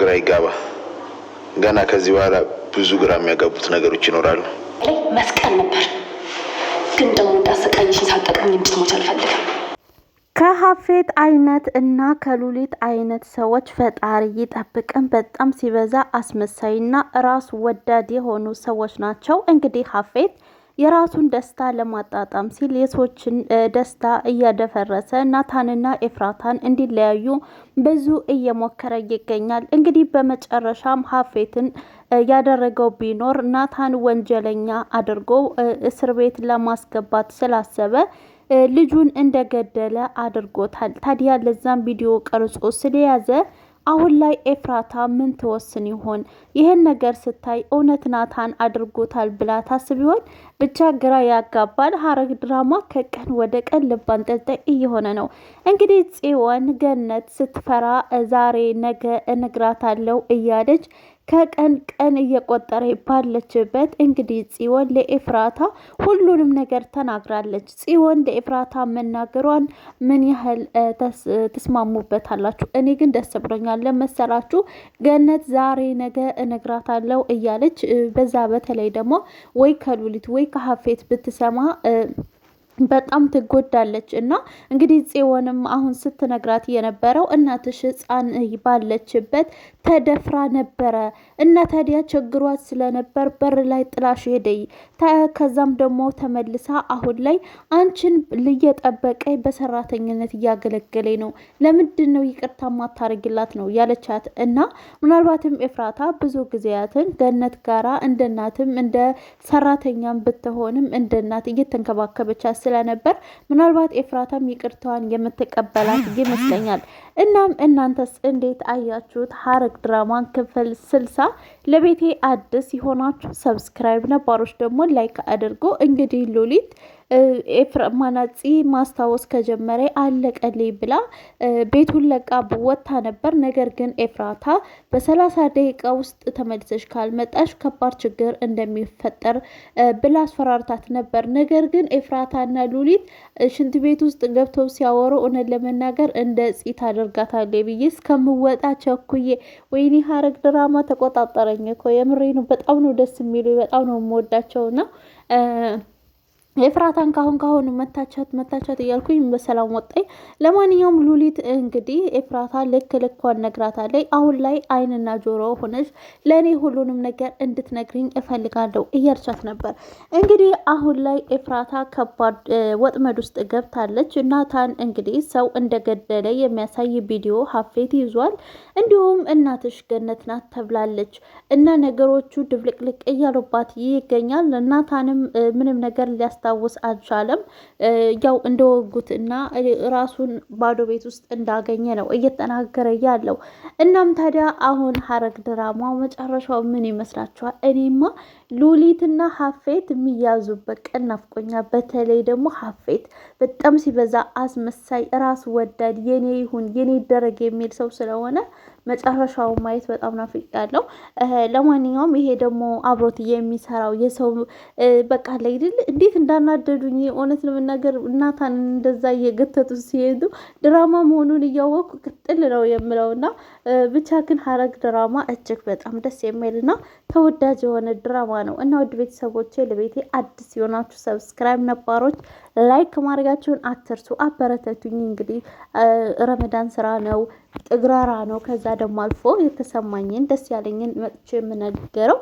ግራ ይጋባ። ገና ከዚህ በኋላ ብዙ ግራ የሚያጋቡት ነገሮች ይኖራሉ። መስቀል ነበር ግን ደግሞ እንዳሰቃየሽን ሳጠቅኝ እንድትሞች አልፈልግም። ከሀፌት አይነት እና ከሉሊት አይነት ሰዎች ፈጣሪ ይጠብቅን። በጣም ሲበዛ አስመሳይና ራስ ወዳድ የሆኑ ሰዎች ናቸው። እንግዲህ ሀፌት የራሱን ደስታ ለማጣጣም ሲል የሰዎችን ደስታ እያደፈረሰ ናታንና ኤፍራታን እንዲለያዩ ብዙ እየሞከረ ይገኛል። እንግዲህ በመጨረሻም ሀፌትን ያደረገው ቢኖር ናታን ወንጀለኛ አድርጎ እስር ቤት ለማስገባት ስላሰበ ልጁን እንደገደለ አድርጎታል። ታዲያ ለዛም ቪዲዮ ቀርጾ ስለያዘ አሁን ላይ ኤፍራታ ምን ትወስን ይሆን? ይህን ነገር ስታይ እውነት ናታን አድርጎታል ብላ ታስብ ይሆን? ብቻ ግራ ያጋባል። ሀረግ ድራማ ከቀን ወደ ቀን ልብ አንጠልጣይ እየሆነ ነው። እንግዲህ ጽዮን ገነት ስትፈራ ዛሬ ነገ እነግራታለሁ እያለች ከቀን ቀን እየቆጠረ ባለችበት እንግዲህ ጽዮን ለኤፍራታ ሁሉንም ነገር ተናግራለች። ጽዮን ለኤፍራታ መናገሯን ምን ያህል ትስማሙበታላችሁ? እኔ ግን ደስ ብሎኛል። ለመሰላችሁ ገነት ዛሬ ነገ እነግራታለሁ እያለች በዛ በተለይ ደግሞ ወይ ከሉሊት ወይ ከሀፌት ብትሰማ በጣም ትጎዳለች እና እንግዲህ ጽዮንም አሁን ስትነግራት የነበረው እናትሽ ህፃን ባለችበት ተደፍራ ነበረ እና ታዲያ ችግሯት ስለነበር በር ላይ ጥላሽ ሄደ። ከዛም ደግሞ ተመልሳ አሁን ላይ አንቺን ልየጠበቀ በሰራተኝነት እያገለገለ ነው፣ ለምንድን ነው ይቅርታ ማታረግላት ነው ያለቻት እና ምናልባትም ኤፍራታ ብዙ ጊዜያትን ገነት ጋራ እንደ እናትም እንደ ሰራተኛም ብትሆንም እንደ እናት እየተንከባከበቻት ስለነበር ምናልባት ኤፍራታም ይቅርታዋን የምትቀበላት ይመስለኛል። እናም እናንተስ እንዴት አያችሁት? ሐረግ ድራማን ክፍል ስልሳ ለቤቴ አዲስ የሆናችሁ ሰብስክራይብ፣ ነባሮች ደግሞ ላይክ አድርጎ እንግዲህ ሉሊት ኤፍሬም ማናጺ ማስታወስ ከጀመረ አለቀልኝ ብላ ቤቱን ለቃ ወጥታ ነበር። ነገር ግን ኤፍራታ በሰላሳ ደቂቃ ውስጥ ተመልሰሽ ካልመጣሽ ከባድ ችግር እንደሚፈጠር ብላ አስፈራርታት ነበር። ነገር ግን ኤፍራታና ሉሊት ሽንት ቤት ውስጥ ገብተው ሲያወሩ እውነት ለመናገር እንደ ጺት አደርጋታለሁ ብዬ እስከምወጣ ቸኩዬ፣ ወይኔ ሀረግ ድራማ ተቆጣጠረኝ እኮ የምሬኑ። በጣም ነው ደስ የሚሉ በጣም ነው ነው ኤፍራታን ካሁን ካሁን መታቻት መታቻት እያልኩኝ በሰላም ወጣኝ። ለማንኛውም ሉሊት እንግዲህ ኤፍራታ ልክ ልኳን ነግራታለች። አሁን ላይ አይንና ጆሮ ሆነች ለእኔ ሁሉንም ነገር እንድትነግሪኝ እፈልጋለሁ እያልቻት ነበር። እንግዲህ አሁን ላይ ኤፍራታ ከባድ ወጥመድ ውስጥ ገብታለች። ናታን እንግዲህ ሰው እንደገደለ የሚያሳይ ቪዲዮ ሀፌት ይዟል። እንዲሁም እናትሽ ገነት ናት ተብላለች እና ነገሮቹ ድብልቅልቅ እያሉባት ይገኛል። ናታንም ምንም ነገር ሊያስ ሊያስታውስ አልቻለም። ያው እንደወጉት እና ራሱን ባዶ ቤት ውስጥ እንዳገኘ ነው እየተናገረ ያለው። እናም ታዲያ አሁን ሀረግ ድራማ መጨረሻው ምን ይመስላችኋል? እኔማ ሉሊትና ሀፌት የሚያዙበት ቀን ናፍቆኛል። በተለይ ደግሞ ሀፌት በጣም ሲበዛ አስመሳይ፣ ራስ ወዳድ፣ የኔ ይሁን የኔ ይደረግ የሚል ሰው ስለሆነ መጨረሻው ማየት በጣም ናፍቄያለሁ። ለማንኛውም ይሄ ደግሞ አብሮት የሚሰራው የሰው በቃ ለይድል እንዴት እንዳናደዱኝ እውነት ለመናገር እናታን እንደዛ እየገተቱ ሲሄዱ ድራማ መሆኑን እያወቅኩ ቅጥል ነው እና ብቻ ግን ሀረግ ድራማ እጅግ በጣም ደስ የሚልና ተወዳጅ የሆነ ድራማ ነው እና ውድ ቤተሰቦቼ ለቤቴ አዲስ የሆናችሁ ሰብስክራይብ፣ ነባሮች ላይክ ማድረጋችሁን አትርሱ። አበረተቱኝ። እንግዲህ ረመዳን ስራ ነው። ጥግራራ ነው። ከዛ ደግሞ አልፎ የተሰማኝን ደስ ያለኝን መጥቼ የምነገረው